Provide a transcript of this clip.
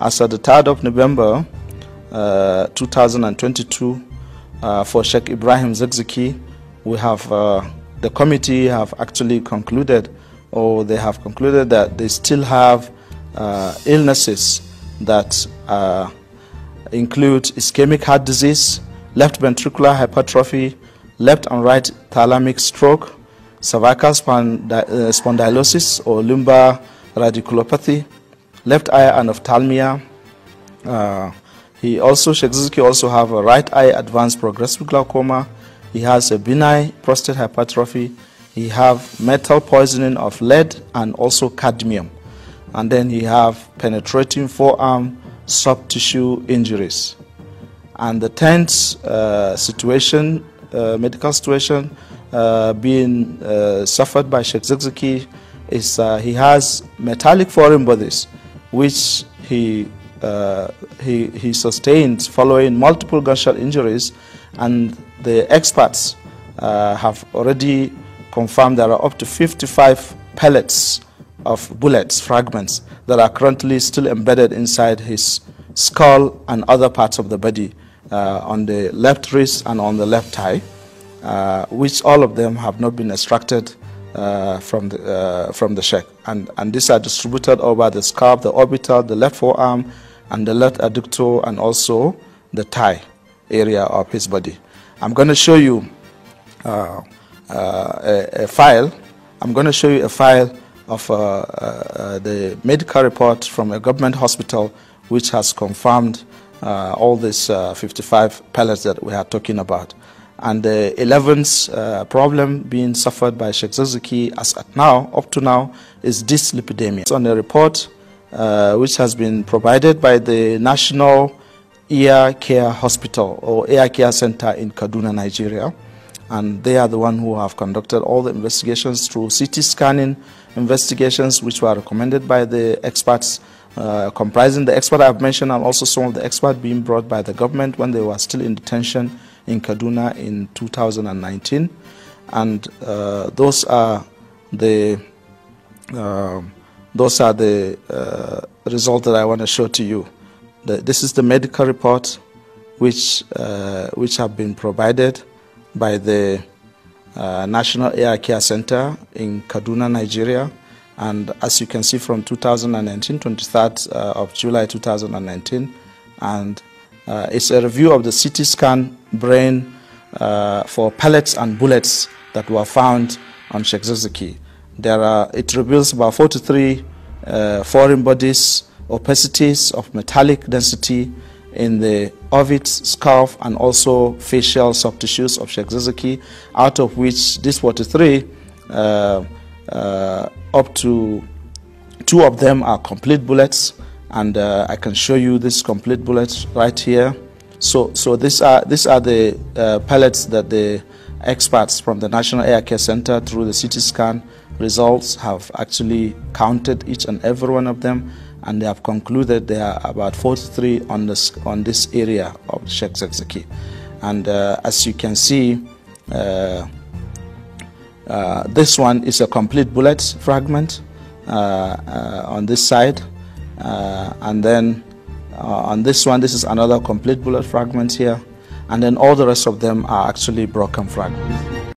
as at the 3rd of November uh, 2022 uh, for Sheikh Ibrahim Zegziki, We have uh, the committee have actually concluded, or they have concluded that they still have uh, illnesses that uh, include ischemic heart disease, left ventricular hypertrophy, left and right thalamic stroke, cervical uh, spondylosis or lumbar radiculopathy, left eye and Uh, he also, Shizuki also have a right eye advanced progressive glaucoma. He has a benign prostate hypertrophy. He have metal poisoning of lead and also cadmium. And then he have penetrating forearm tissue injuries. And the tenth uh, situation, uh, medical situation uh, being uh, suffered by Sheikh is uh, he has metallic foreign bodies which he, uh, he, he sustained following multiple gunshot injuries, and the experts uh, have already confirmed there are up to 55 pellets of bullets, fragments, that are currently still embedded inside his skull and other parts of the body uh, on the left wrist and on the left thigh, uh, which all of them have not been extracted uh, from, the, uh, from the shack And, and these are distributed over the scalp, the orbital, the left forearm, and the left adductor, and also the thigh area of his body. I'm going to show you uh, uh, a, a, file. I'm going to show you a file of uh, the medical report from a government hospital which has confirmed all these 55 pellets that we are talking about and the 11th uh, problem being suffered by Sheikh Zazuki as at now, up to now, is dyslipidemia. It's on a report uh, which has been provided by the National Ear Care Hospital or Ear Care Center in Kaduna, Nigeria. And they are the one who have conducted all the investigations through CT scanning investigations, which were recommended by the experts, uh, comprising the expert I've mentioned and also some of the experts being brought by the government when they were still in detention in Kaduna in 2019. And uh, those are the uh, those are the uh, results that I want to show to you. The, this is the medical report which uh, which have been provided by the uh, National Air Care Center in Kaduna, Nigeria. And as you can see from 2019, 23rd uh, of July 2019, and uh, it's a review of the CT scan brain uh, for pellets and bullets that were found on Sheikh There are, it reveals about 43 uh, foreign bodies, opacities of metallic density in the orbits, scalp, and also facial soft tissues of Sheikh out of which these 43, uh, uh, up to two of them are complete bullets, and uh, I can show you this complete bullet right here. So, so these are these are the uh, pellets that the experts from the National Air Care Center through the CT scan results have actually counted each and every one of them, and they have concluded there are about 43 on this on this area of Sheikh Zakzaki. And uh, as you can see, uh, uh, this one is a complete bullet fragment uh, on this side. Uh, and then uh, on this one, this is another complete bullet fragment here, and then all the rest of them are actually broken fragments.